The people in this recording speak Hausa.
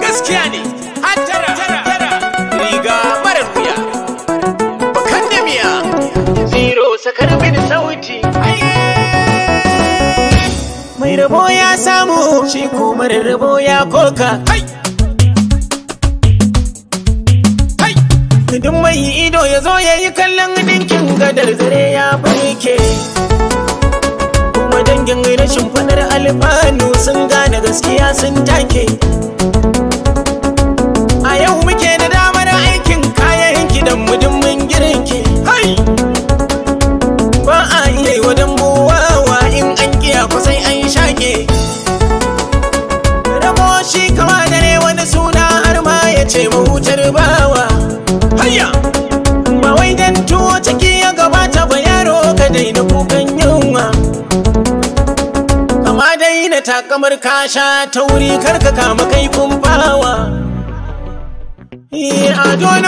gaskiya ne hatara riga marar wuya bakan da miya zero sakar mini sauti mai rabo ya samu shi kuma rabo ya koka duk mai ido ya zo ya yi kallon ɗinkin gadar zare ya barke cikin rashin kunar alfanu sun gane gaskiya sun take a yau muke da damar aikin kayan gidan mudin mun girinki hai ba a iya yi wadan buwawa in an kiya kusan an shake rabo shi kawa dare wani suna har ma ya ce mahutar ba na takamar kasha ta wuri karka kama kai kumfawa. Eh,